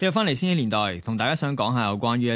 睇翻嚟先嘅年代，同大家想講下有關於一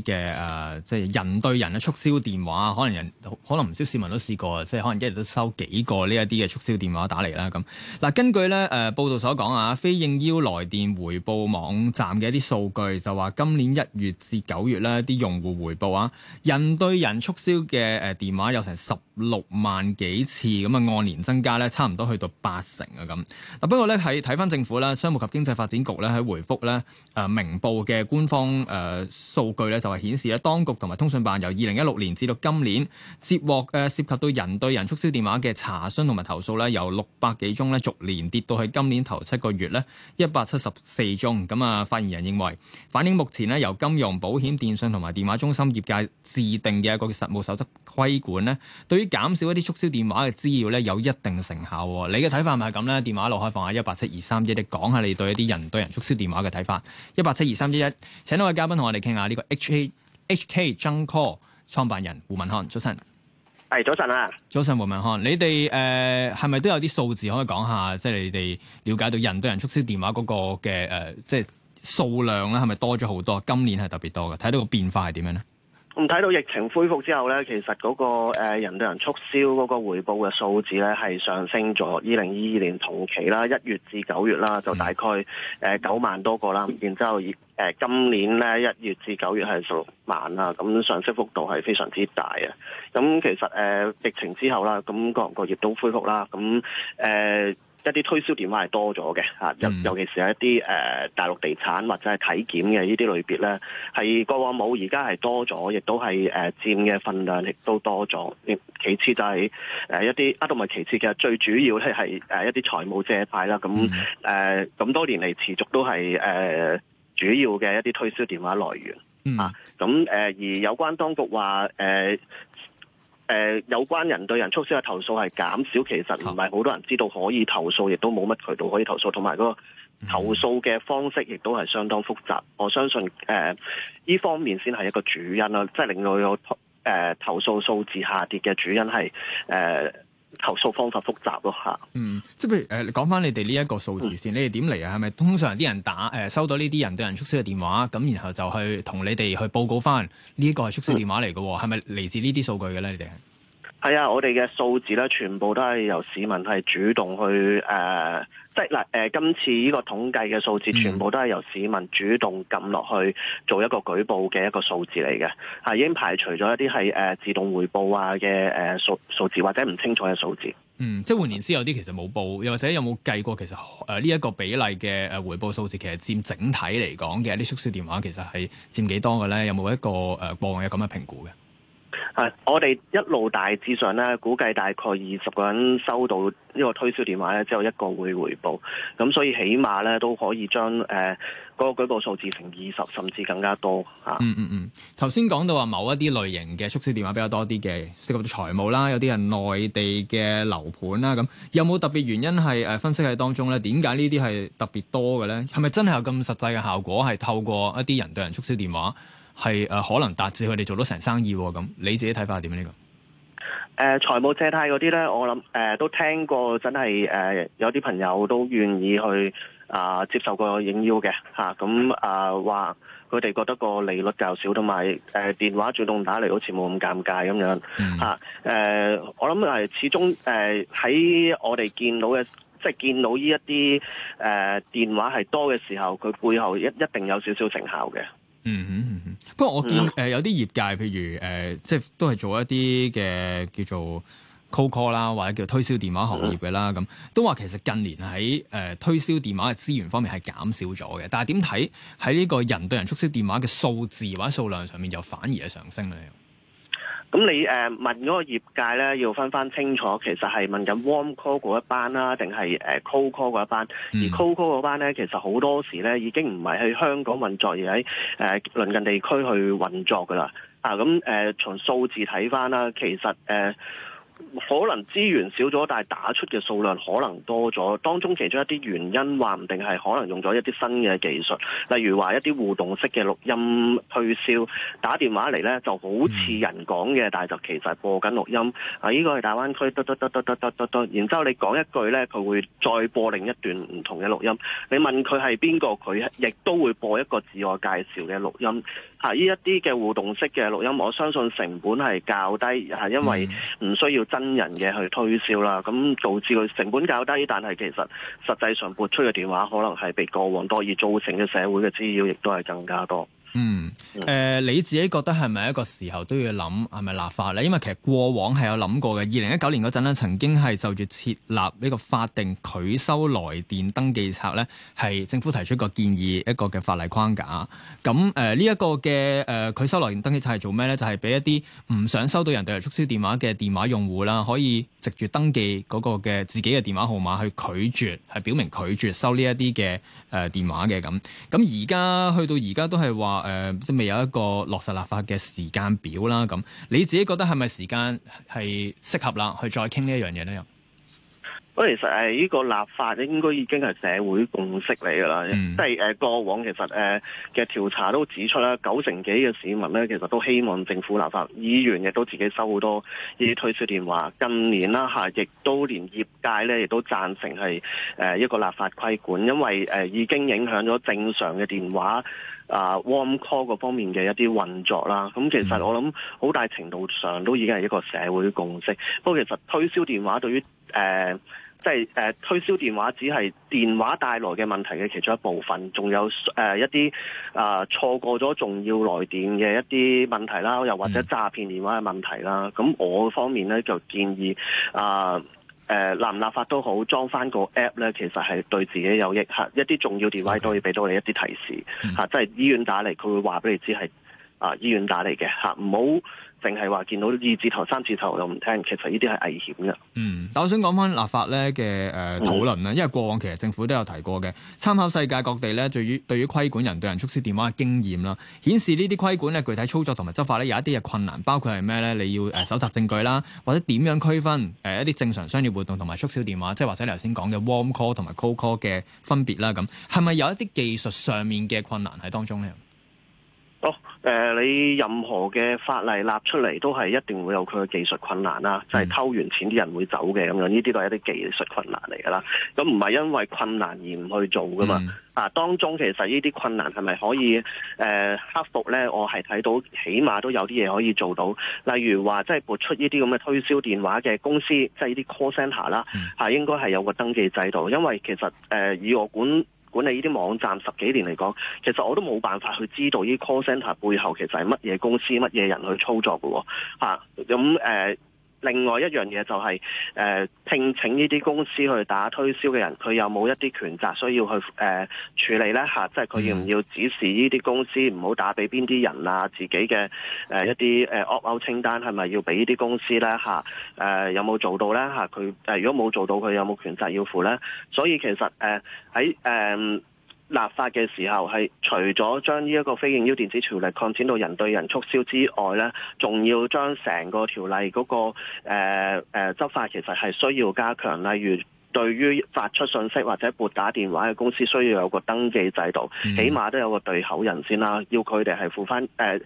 啲嘅、呃、即係人對人嘅促銷電話，可能人可能唔少市民都試過，即係可能一日都收幾個呢一啲嘅促銷電話打嚟啦。咁嗱，根據咧誒、呃、報道所講啊，非應邀來電回報網站嘅一啲數據，就話今年一月至九月呢啲用戶回報啊，人對人促銷嘅誒電話有成十六萬幾次，咁啊按年增加咧，差唔多去到八成啊咁。嗱不過咧喺睇翻政府啦，商務及經濟發展局咧喺回覆咧。誒明報嘅官方誒、呃、數據咧，就係、是、顯示咧，當局同埋通訊辦由二零一六年至到今年接獲誒涉及到人對人促銷電話嘅查詢同埋投訴咧，由六百幾宗咧，逐年跌到去今年頭七個月咧一百七十四宗。咁啊，發言人認為反映目前咧，由金融、保險、電信同埋電話中心業界制定嘅一個實務守則規管咧，對於減少一啲促銷電話嘅滋擾咧，有一定成效，哦。你嘅睇法係咪咁呢？電話一路開放啊，23, 一八七二三一你講下你對一啲人對人促銷電話嘅睇法。一八七二三一一，2, 3, 1, 請到位嘉賓同我哋傾下呢、這個 HKJunkCall 創辦人胡文翰，早晨。係早晨啊，早晨胡文翰，你哋誒係咪都有啲數字可以講下？即、就、係、是、你哋了解到人對人促銷電話嗰個嘅誒，即係數量咧，係咪多咗好多？今年係特別多嘅，睇到個變化係點樣咧？咁睇到疫情恢復之後咧，其實嗰個誒人對人促銷嗰個回報嘅數字咧係上升咗。二零二二年同期啦，一月至九月啦，就大概誒九萬多個啦。然之後誒今年咧一月至九月係十六萬啦，咁上升幅度係非常之大啊。咁其實誒疫情之後啦，咁各行各業都恢復啦，咁誒。呃一啲推銷電話係多咗嘅吓，尤尤其是係一啲誒、呃、大陸地產或者係體檢嘅呢啲類別咧，係過往冇，而家係多咗，亦都係誒、呃、佔嘅份量亦都多咗。其次就係、是呃、一啲，啊，同埋其次嘅最主要咧係、呃、一啲財務借貸啦。咁誒咁多年嚟持續都係誒、呃、主要嘅一啲推銷電話來源、嗯、啊。咁誒、呃、而有關當局話誒。呃誒、呃、有關人對人促銷嘅投訴係減少，其實唔係好多人知道可以投訴，亦都冇乜渠道可以投訴，同埋個投訴嘅方式亦都係相當複雜。我相信誒、呢、呃、方面先係一個主因啦，即係令到個、呃、投訴數字下跌嘅主因係誒。呃投訴方法複雜咯、哦、嚇，嗯，即係譬如誒，呃、你講翻你哋呢一個數字先，嗯、你哋點嚟啊？係咪通常啲人打誒、呃、收到呢啲人對人促銷嘅電話，咁然後就去同你哋去報告翻呢一個係促銷電話嚟嘅，係咪嚟自呢啲數據嘅咧？你哋？係啊，我哋嘅數字咧，全部都係由市民係主動去誒，即係嗱誒，今次呢個統計嘅數字，全部都係由市民主動撳落、呃呃、去做一個舉報嘅一個數字嚟嘅，係已經排除咗一啲係誒自動回報啊嘅誒數數字或者唔清楚嘅數字。數字，嗯，即係換言之有啲其實冇報，又或者有冇計過其實誒呢一個比例嘅誒回報數字，其實佔整體嚟講嘅啲促銷電話，其實係佔幾多嘅咧？有冇一個誒過往嘅咁嘅評估嘅？係，我哋一路大致上咧，估計大概二十個人收到呢個推銷電話咧，只有一個會回報，咁所以起碼咧都可以將誒嗰、呃那個舉報數字乘二十，甚至更加多嚇、啊嗯。嗯嗯嗯，頭先講到話某一啲類型嘅促銷電話比較多啲嘅，涉及到財務啦，有啲係內地嘅樓盤啦，咁有冇特別原因係誒分析喺當中咧？點解呢啲係特別多嘅咧？係咪真係有咁實際嘅效果？係透過一啲人對人促銷電話？係誒、呃，可能達至佢哋做到成生意咁。你自己睇法係點樣？呢個誒財務借貸嗰啲咧，我諗誒、呃、都聽過真的，真係誒有啲朋友都願意去啊、呃、接受個應邀嘅嚇。咁啊話佢哋覺得個利率較少，同埋誒電話主動打嚟好似冇咁尷尬咁樣嚇。誒、嗯啊呃、我諗係始終誒喺、呃、我哋見到嘅，即係見到呢一啲誒、呃、電話係多嘅時候，佢背後一一定有少少成效嘅、嗯。嗯哼。嗯不過我見誒、呃、有啲業界，譬如誒、呃，即係都係做一啲嘅叫做 cold call 啦，或者叫推銷電話行業嘅啦，咁都話其實近年喺誒、呃、推銷電話嘅資源方面係減少咗嘅，但係點睇喺呢個人對人促銷電話嘅數字或者數量上面，又反而係上升嘅。咁你誒、呃、問嗰個業界咧，要分翻清楚，其實係問緊 warm call 一班啦，定係誒 cold call 嗰一班？Co call 一班嗯、而 cold call 嗰班咧，其實好多時咧已經唔係喺香港運作，而喺誒鄰近地區去運作㗎啦。啊，咁誒、呃、從數字睇翻啦，其實誒，呃可能資源少咗，但係打出嘅數量可能多咗。當中其中一啲原因，話唔定係可能用咗一啲新嘅技術，例如話一啲互動式嘅錄音去銷打電話嚟，咧，就好似人講嘅，但係就其實是播緊錄音。啊，呢、這個係大灣區得得得得得得得，然之後你講一句咧，佢會再播另一段唔同嘅錄音。你問佢係邊個，佢亦都會播一個自我介紹嘅錄音。吓、啊、呢一啲嘅互動式嘅錄音，我相信成本係較低，啊、因為唔需要真。人嘅去推銷啦，咁導致佢成本較低，但係其實實際上撥出嘅電話可能係被過往多以造成嘅社會嘅滋擾，亦都係更加多。嗯，誒、呃，你自己覺得係咪一個時候都要諗係咪立法咧？因為其實過往係有諗過嘅。二零一九年嗰陣咧，曾經係就住設立呢個法定拒收來電登記冊咧，係政府提出一個建議一個嘅法例框架。咁、嗯、誒、呢、呃、一、這個嘅誒、呃、拒收來電登記冊係做咩咧？就係、是、俾一啲唔想收到人哋嚟促銷電話嘅電話用戶啦，可以直接登記嗰個嘅自己嘅電話號碼去拒絕，係表明拒絕收呢一啲嘅誒電話嘅咁。咁而家去到而家都係話。誒，即係、呃、未有一個落實立法嘅時間表啦，咁你自己覺得係咪時間係適合啦，去再傾呢一樣嘢呢？又，咁其實誒呢個立法應該已經係社會共識嚟噶啦，即係誒過往其實誒嘅調查都指出啦，九成幾嘅市民呢，其實都希望政府立法，議員亦都自己收好多啲推銷電話，近年啦嚇，亦都連業界呢，亦都贊成係誒一個立法規管，因為誒已經影響咗正常嘅電話。啊、uh，warm call 嗰方面嘅一啲運作啦，咁其實我諗好大程度上都已經係一個社會共識。不過、嗯、其實推銷電話對於誒，即、呃、係、就是呃、推銷電話只係電話帶來嘅問題嘅其中一部分，仲有誒、呃、一啲啊、呃、錯過咗重要來電嘅一啲問題啦，又或者詐騙電話嘅問題啦。咁、嗯、我方面咧就建議啊。呃誒、呃、立唔立法都好，裝翻個 app 咧，其實係對自己有益吓，一啲重要電話都可以俾到你一啲提示吓 Okay. 即係醫院打嚟，佢會話俾你知係啊醫院打嚟嘅吓，唔好。淨係話見到二字頭、三字頭又唔聽，其實呢啲係危險㗎。嗯，但我想講翻立法咧嘅誒討論啦，嗯、因為過往其實政府都有提過嘅，參考世界各地咧對於對於規管人對人促銷電話嘅經驗啦，顯示呢啲規管咧具體操作同埋執法咧有一啲嘅困難，包括係咩咧？你要誒蒐、呃、集證據啦，或者點樣區分誒一啲正常商業活動同埋促銷電話，即係或者你頭先講嘅 warm call 同埋 cold call 嘅分別啦，咁係咪有一啲技術上面嘅困難喺當中咧？哦、呃，你任何嘅法例立出嚟都係一定會有佢嘅技術困難啦，即係偷完錢啲人會走嘅咁樣，呢啲都係一啲技術困難嚟噶啦。咁唔係因為困難而唔去做噶嘛。啊，當中其實呢啲困難係咪可以誒、呃、克服咧？我係睇到起碼都有啲嘢可以做到，例如話即係撥出呢啲咁嘅推銷電話嘅公司，即係呢啲 call centre 啦、啊，係應該係有個登記制度，因為其實誒以我管，呃管理呢啲網站十幾年嚟講，其實我都冇辦法去知道呢啲 call center 背後其實係乜嘢公司、乜嘢人去操作㗎喎，咁、啊另外一樣嘢就係、是、誒、呃、聘請呢啲公司去打推銷嘅人，佢有冇一啲權責需要去誒、呃、處理咧？即係佢要唔要指示呢啲公司唔好打俾邊啲人啊？自己嘅誒、呃、一啲誒 opt out 清單係咪要俾呢啲公司咧？嚇、啊呃、有冇做到咧？佢、啊呃、如果冇做到，佢有冇權責要負咧？所以其實誒喺誒。呃立法嘅時候，係除咗將呢一個非應邀電子條例擴展到人對人促銷之外呢，仲要將成個條例嗰、那個誒誒、呃呃、執法其實係需要加強，例如。對於發出信息或者撥打電話嘅公司，需要有個登記制度，嗯、起碼都有個對口人先啦。要佢哋係付翻誒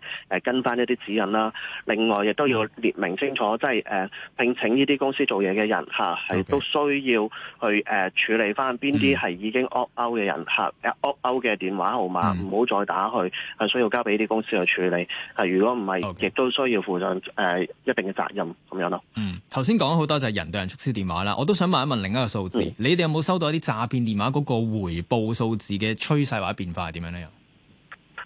跟翻一啲指引啦。另外亦都要列明清楚，即係誒聘請呢啲公司做嘢嘅人係都 Okay, 需要去誒、呃、處理翻邊啲係已經 opt out 嘅人嚇，opt out、啊、嘅電話號碼，唔好、嗯、再打去，需要交俾呢啲公司去處理。如果唔係，亦 Okay, 都需要負上誒、呃、一定嘅責任咁樣咯。嗯，頭先講好多就係人對人促銷電話啦，我都想問一問另一個。數字，嗯、你哋有冇收到一啲詐騙電話嗰個回報數字嘅趨勢或者變化係點樣呢？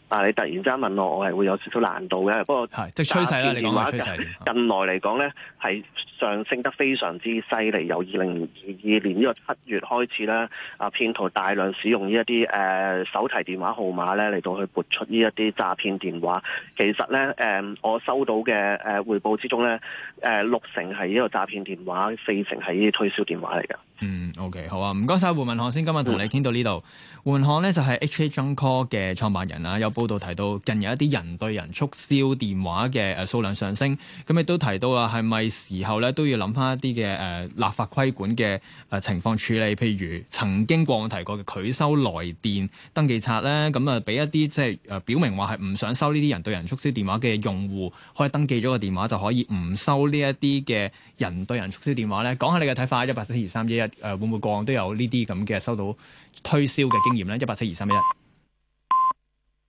啊！你突然間問我，我係會有少少難度嘅。不過係即趨勢嚟講，就是、你講話趨勢近來嚟講呢，係上升得非常之犀利。嗯、由二零二二年呢個七月開始呢，啊，騙徒大量使用呢一啲誒手提電話號碼呢嚟到去撥出呢一啲詐騙電話。其實呢，誒、呃，我收到嘅誒、呃、回報之中呢，誒、呃，六成係呢個詐騙電話，四成係呢啲推銷電話嚟㗎。嗯，OK，好啊，唔該晒胡文翰先，今日同你傾到、嗯、呢度。胡文翰呢就係 HK Junk Call 嘅創辦人啊。有報道提到，近日一啲人對人促銷電話嘅、呃、數量上升，咁亦都提到啊，係咪時候咧都要諗翻一啲嘅誒立法規管嘅誒、呃、情況處理？譬如曾經過往提過嘅拒收來電登記冊咧，咁啊俾一啲即係誒表明話係唔想收呢啲人對人促銷電話嘅用戶可以登記咗個電話就可以唔收呢一啲嘅人對人促銷電話咧。講下你嘅睇法一八四二三一。1, 4, 2, 3, 1, 誒會唔會個案都有呢啲咁嘅收到推銷嘅經驗咧？一八七二三一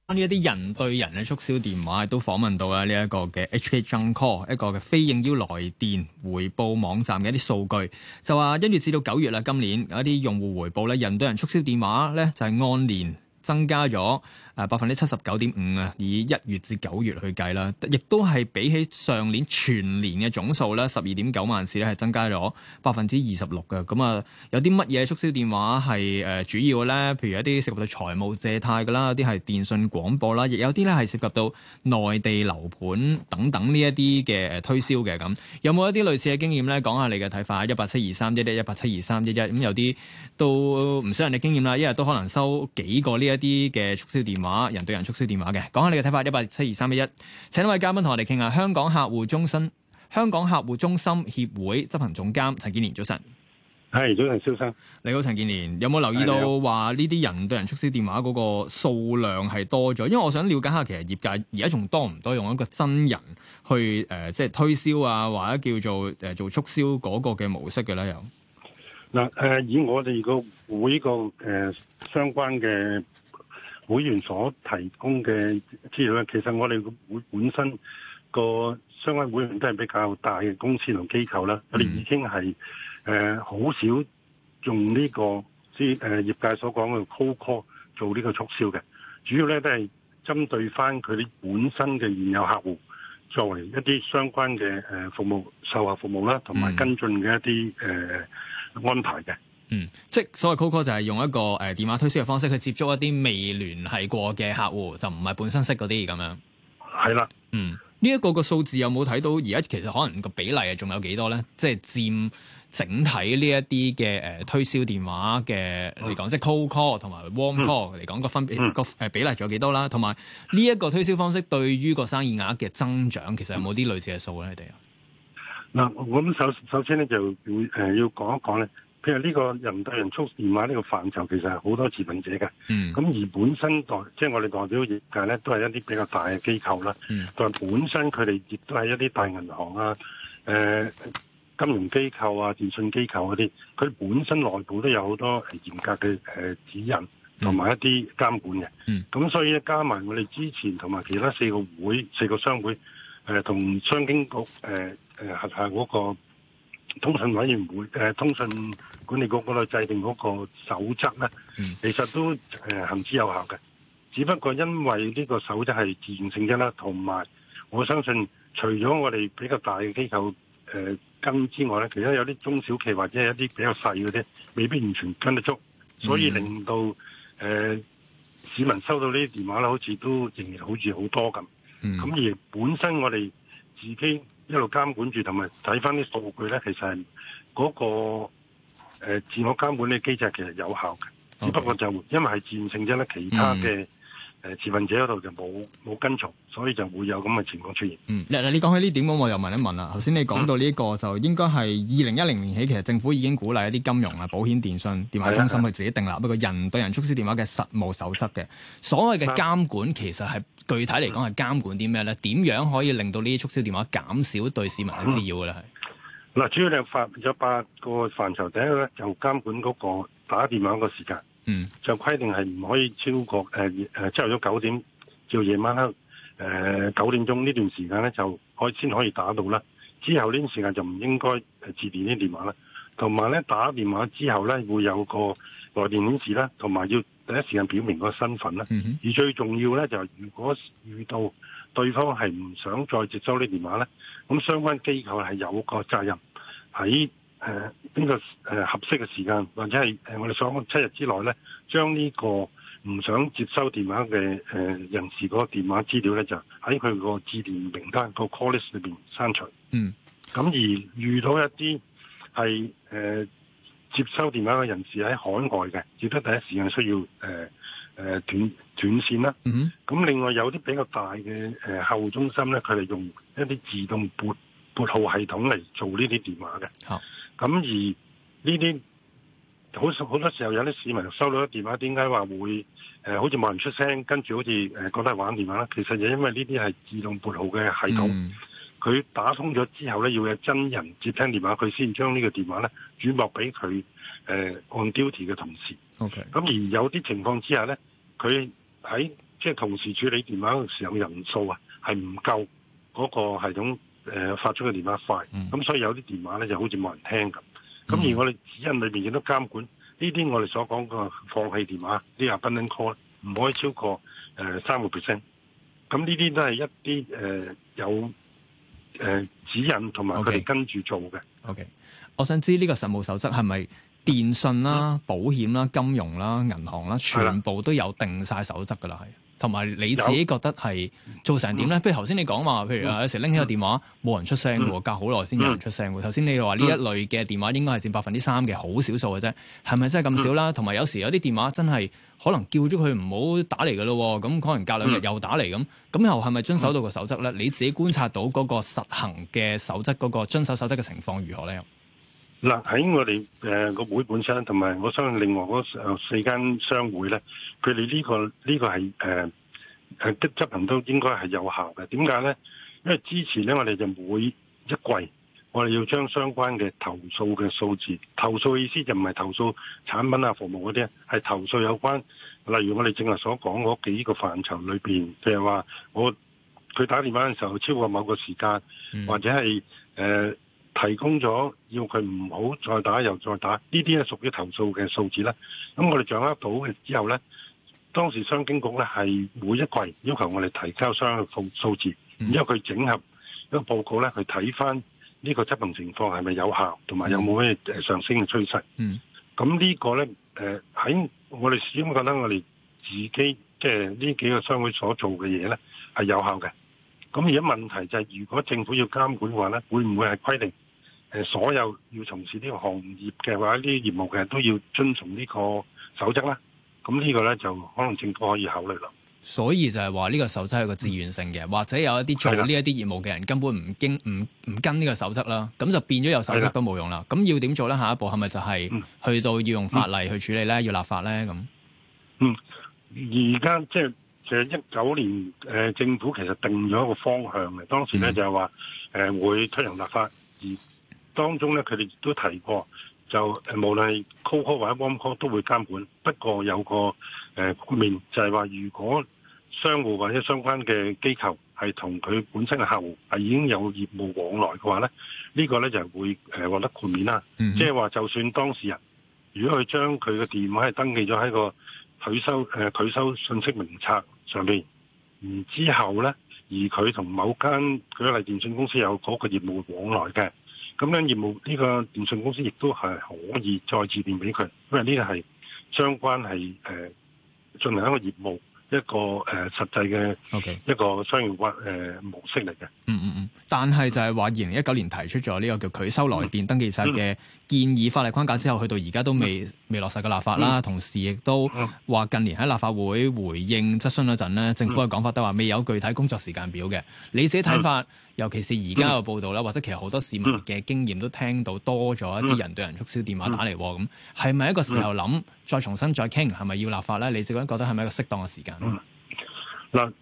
關於一啲人對人嘅促銷電話，都訪問到啦。呢一個嘅 HK Junk Call 一個嘅非應邀來電回報網站嘅一啲數據，就話一月至到九月啦，今年有一啲用戶回報咧，人對人促銷電話咧就係、是、按年增加咗。百分之七十九點五啊！以一月至九月去計啦，亦都係比起上年全年嘅總數咧，十二點九萬次咧係增加咗百分之二十六嘅。咁啊，有啲乜嘢促銷電話係誒主要嘅咧？譬如一啲涉及到財務借貸㗎啦，有啲係電信廣播啦，亦有啲咧係涉及到內地樓盤等等呢一啲嘅誒推銷嘅咁。有冇一啲類似嘅經驗咧？講下你嘅睇法，一八七二三一一一八七二三一一。咁有啲都唔少人嘅經驗啦，一日都可能收幾個呢一啲嘅促銷電話。人對人促銷電話嘅，講下你嘅睇法，一八七二三一一，請一位嘉賓同我哋傾下。香港客戶中心，香港客戶中心協會執行總監陳建年，早晨。係早晨，肖生你有有。你好，陳建年，有冇留意到話呢啲人對人促銷電話嗰個數量係多咗？因為我想了解下，其實業界而家仲多唔多用一個真人去誒、呃，即係推銷啊，或者叫做誒、呃、做促銷嗰個嘅模式嘅咧？有。嗱，誒，以我哋、個會個誒、呃、相關嘅。會員所提供嘅資料咧，其實我哋會本身個相關會員都係比較大嘅公司同機構啦，我哋、mm. 已經係誒好少用呢、這個即業、呃、業界所講嘅 cold call 做呢個促銷嘅，主要咧都係針對翻佢哋本身嘅現有客戶，作為一啲相關嘅誒服務、售後服務啦，同埋跟進嘅一啲誒、呃、安排嘅。嗯，即係所謂 call call 就係用一個誒、呃、電話推銷嘅方式去接觸一啲未聯繫過嘅客戶，就唔係本身識嗰啲咁樣。係啦，嗯，呢一個個數字有冇睇到？而家其實可能個比例啊，仲有幾多咧？即係佔整體呢一啲嘅誒推銷電話嘅嚟講，即係 call call 同埋 warm call 嚟講個分誒比例仲有幾多啦？同埋呢一個推銷方式對於個生意額嘅增長，其實有冇啲類似嘅數咧？你哋嗱，我咁首首先咧就要誒、呃、要講一講咧。即係呢個人對人促電話呢個範疇，其實係好多持份者嘅。嗯。咁而本身代，即、就、係、是、我哋代表業界咧，都係一啲比較大嘅機構啦。嗯。但係本身佢哋亦都係一啲大銀行啊、誒、呃、金融機構啊、電信機構嗰啲，佢本身內部都有好多係嚴格嘅誒、呃、指引同埋一啲監管嘅。嗯。咁、嗯、所以加埋我哋之前同埋其他四個會、四個商會，誒、呃、同商經局，誒誒核下嗰、那個。通訊委員會、通訊管理局嗰度制定嗰個守則咧，嗯、其實都呃、行之有效嘅。只不過因為呢個守則係自然性質啦，同埋我相信除咗我哋比較大嘅機構誒呃、跟之外咧，其他有啲中小企或者一啲比較細嘅啲未必完全跟得足，所以令到誒、呃、市民收到呢啲電話咧，好似都仍然好似好多咁。咁、嗯、而本身我哋自己。一路監管住同埋睇翻啲數據咧，其實嗰、嗰個自我、呃、監管嘅機制其實有效嘅，只不過就會因為係戰勝咗啦，其他嘅。嗯誒，自問者嗰度就冇冇跟從，所以就會有咁嘅情況出現。嗯，嗱，你講起呢點咁，我又問一問啦。頭先你講到呢、這個、嗯、就應該係二零一零年起，其實政府已經鼓勵一啲金融啊、保險、電信、電話中心去自己訂立一個、嗯、人對人促銷電話嘅實務守則嘅。所謂嘅監管，嗯、其實係具體嚟講係監管啲咩咧？點樣可以令到呢啲促銷電話減少對市民嘅滋擾咧？係嗱、嗯嗯，主要你發咗八個範疇，第一個咧就監管嗰個打電話個時間。嗯，mm hmm. 就規定係唔可以超過誒誒，朝頭早九點至到夜晚黑誒九點鐘呢段時間咧，就可以先可以打到啦。之後呢段時間就唔應該誒接電呢電話啦。同埋咧，打電話之後咧會有個來電顯示啦，同埋要第一時間表明個身份啦。Mm hmm. 而最重要咧就係、是，如果遇到對方係唔想再接收呢電話咧，咁相關機構係有個責任喺，誒邊、呃這個誒、呃、合適嘅時間，或者係誒、呃、我哋所講七日之內咧，將呢個唔想接收電話嘅誒人士嗰個電話資料咧，就喺佢個致電名單個 call list 裏邊刪除。嗯，咁而遇到一啲係誒接收電話嘅人士喺海外嘅，只得第一時間需要誒誒斷斷線啦。嗯、mm，咁、hmm. 另外有啲比較大嘅誒客戶中心咧，佢哋用一啲自動撥撥號系統嚟做呢啲電話嘅。Oh. 咁而呢啲好好多時候有啲市民收到啲電話點解話會誒、呃、好似冇人出聲，跟住好似誒、呃、覺得玩電話啦，其實就因為呢啲係自動撥號嘅系統，佢、嗯、打通咗之後咧，要有真人接聽電話，佢先將呢個電話咧轉駁俾佢誒按 duty 嘅同事。OK，咁而有啲情況之下咧，佢喺即係同時處理電話嘅時候人數啊，係唔夠嗰個系統誒發出嘅電話快，咁所以有啲電話咧就好似冇人聽咁。咁而我哋指引裏邊亦都監管呢啲，我哋所講嘅放棄電話，呢啊 abandoned call 唔可以超過誒三個 percent。咁呢啲都係一啲誒有誒指引同埋佢哋跟住做嘅。Okay, okay. 我想知呢個實務守則係咪電信啦、保險啦、金融啦、銀行啦，全部都有定晒守則㗎啦，係。同埋你自己覺得係做成點咧？譬如頭先你講話，譬如有時拎起個電話冇人出聲喎，隔好耐先有人出聲喎。頭先你話呢一類嘅電話應該係佔百分之三嘅，好少數嘅啫，係咪真係咁少啦？同埋有，有時有啲電話真係可能叫咗佢唔好打嚟嘅咯，咁可能隔兩日又打嚟咁，咁又係咪遵守到個守則咧？你自己觀察到嗰個實行嘅守則嗰、嗰個遵守守則嘅情況如何咧？嗱，喺我哋誒個會本身，同埋我相信另外嗰四間商會咧，佢哋呢個呢個係誒誒執行都應該係有效嘅。點解咧？因為之前咧，我哋就每一季我哋要將相關嘅投訴嘅數字，投訴嘅意思就唔係投訴產品啊、服務嗰啲，係投訴有關，例如我哋正係所講嗰幾個範疇裏面，譬如話我佢打電話嘅時候超過某個時間，或者係誒。呃提供咗要佢唔好再打又再打，呢啲咧屬於投訴嘅數字啦。咁我哋掌握到嘅之後咧，當時商經局咧係每一季要求我哋提交相關數數字，嗯、因為佢整合一個報告咧去睇翻呢個執行情況係咪有效，同埋有冇咩上升嘅趨勢。咁、嗯、呢個咧誒，喺我哋始終覺得我哋自己即係呢幾個商會所做嘅嘢咧係有效嘅。咁而家問題就係、是、如果政府要監管嘅話咧，會唔會係規定？誒，所有要從事呢個行業嘅，或者呢啲業務嘅人都要遵從呢個守則啦。咁呢個咧就可能政府可以考慮咯。所以就係話，呢個守則係個自願性嘅，嗯、或者有一啲做呢一啲業務嘅人根本唔經唔唔跟呢個守則啦。咁就變咗有守則都冇用啦。咁，嗯、要點做咧？下一步係咪就係去到要用法例去處理咧？要立法咧？咁，嗯，而家即係其實一九年誒、呃，政府其實定咗一個方向嘅。當時咧、嗯、就係話誒會推行立法而。當中咧，佢哋亦都提過，就無論係 cold call 或者 warm call 都會監管。不過有個誒面、呃、就係話，如果商戶或者相關嘅機構係同佢本身嘅客戶係已經有業務往來嘅話咧，這個、呢個咧就係會誒、呃、獲得豁免啦。即係話，hmm. 就，就算當事人如果佢將佢嘅電話係登記咗喺個拒收誒拒、呃、收信息名冊上面然之後咧，而佢同某間舉例電信公司有嗰個業務往來嘅。咁樣業務呢、這個電信公司亦都係可以再致電俾佢，因為呢個係相關係誒、呃、進行一個業務一個誒、呃、實際嘅 Okay. 一個商業、呃、模式嚟嘅。嗯嗯嗯，但係就係話二零一九年提出咗呢個叫拒收來電登記冊嘅、嗯嗯嗯。建議法例框架之後，去到而家都未未落實嘅立法啦。嗯、同時亦都話近年喺立法會回應質詢嗰陣咧，政府嘅講法都話未有具體工作時間表嘅。你自己睇法，嗯、尤其是而家嘅報道啦，或者其實好多市民嘅經驗都聽到多咗一啲人對人促銷電話打嚟，咁係咪一個時候諗再重新再傾，係咪要立法咧？你自己覺得係咪一個適當嘅時間？嗱，誒、嗯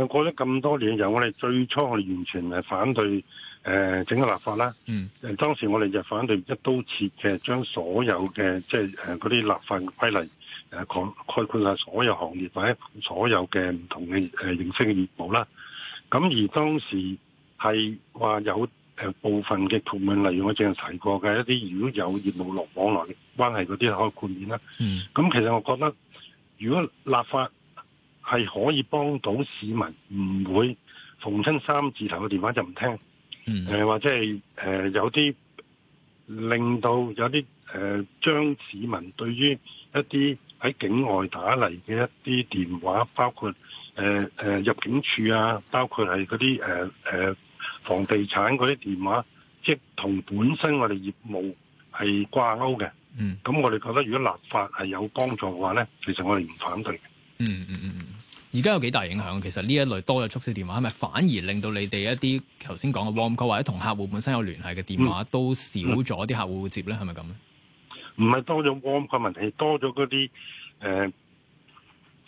呃、過咗咁多年，由我哋最初係完全係反對。誒、呃、整個立法啦，誒、嗯、當時我哋就反對一刀切嘅，將所有嘅即係誒嗰啲立法規例誒概括所有行業或者所有嘅唔同嘅誒、呃、形式嘅業務啦。咁、啊、而當時係話有誒部分嘅條文，例如我正係提過嘅一啲，如果有業務落往來關係嗰啲可以豁免啦。咁、嗯、其實我覺得，如果立法係可以幫到市民，唔會逢親三字頭嘅電話就唔聽。誒，嗯、或者係誒、呃，有啲令到有啲誒，將、呃、市民對於一啲喺境外打嚟嘅一啲電話，包括誒誒、呃呃、入境處啊，包括係嗰啲誒誒房地產嗰啲電話，即同本身我哋業務係掛鈎嘅。嗯，咁我哋覺得如果立法係有幫助嘅話咧，其實我哋唔反對嘅、嗯。嗯嗯嗯。而家有幾大影響？其實呢一類多咗促銷電話，係咪反而令到你哋一啲頭先講嘅 warm call 或者同客戶本身有聯繫嘅電話都少咗？啲客戶接咧係咪咁咧？唔係、嗯、多咗 warm call 問題，係多咗嗰啲誒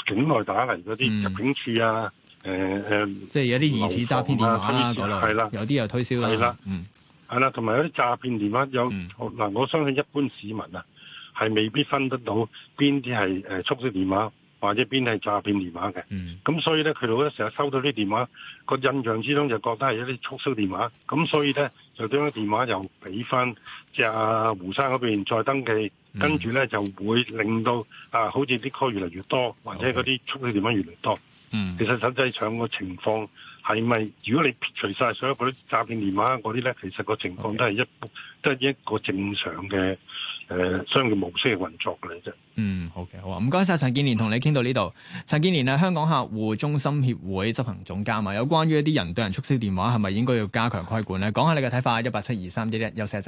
境內打嚟嗰啲入境處啊，誒、呃、誒，即係有啲疑似詐騙電話啦，有啦，有啲又推銷啦，的嗯，係啦，同埋有啲詐騙電話有嗱、嗯啊，我相信一般市民啊係未必分得到邊啲係誒促銷電話。或者邊係詐騙電話嘅？咁、嗯、所以咧，佢哋咧成日收到啲電話，個印象之中就覺得係一啲促銷電話。咁所以咧，就將啲電話又俾翻即阿胡生嗰邊再登記，嗯、跟住咧就會令到啊，好似啲 call 越嚟越多，或者嗰啲促銷電話越嚟越多。嗯，其實實際上個情況。係咪？如果你撇除晒所有嗰啲詐騙電話嗰啲咧，其實個情況都係一 Okay. 都係一個正常嘅誒、呃、商業模式嘅運作㗎啫。嗯，okay。好嘅，好啊，唔該晒陳建年，同你傾到呢度。陳建年係香港客戶中心協會執行總監啊，有關於一啲人對人促銷電話係咪應該要加強規管咧？講下你嘅睇法，一八七二三一一有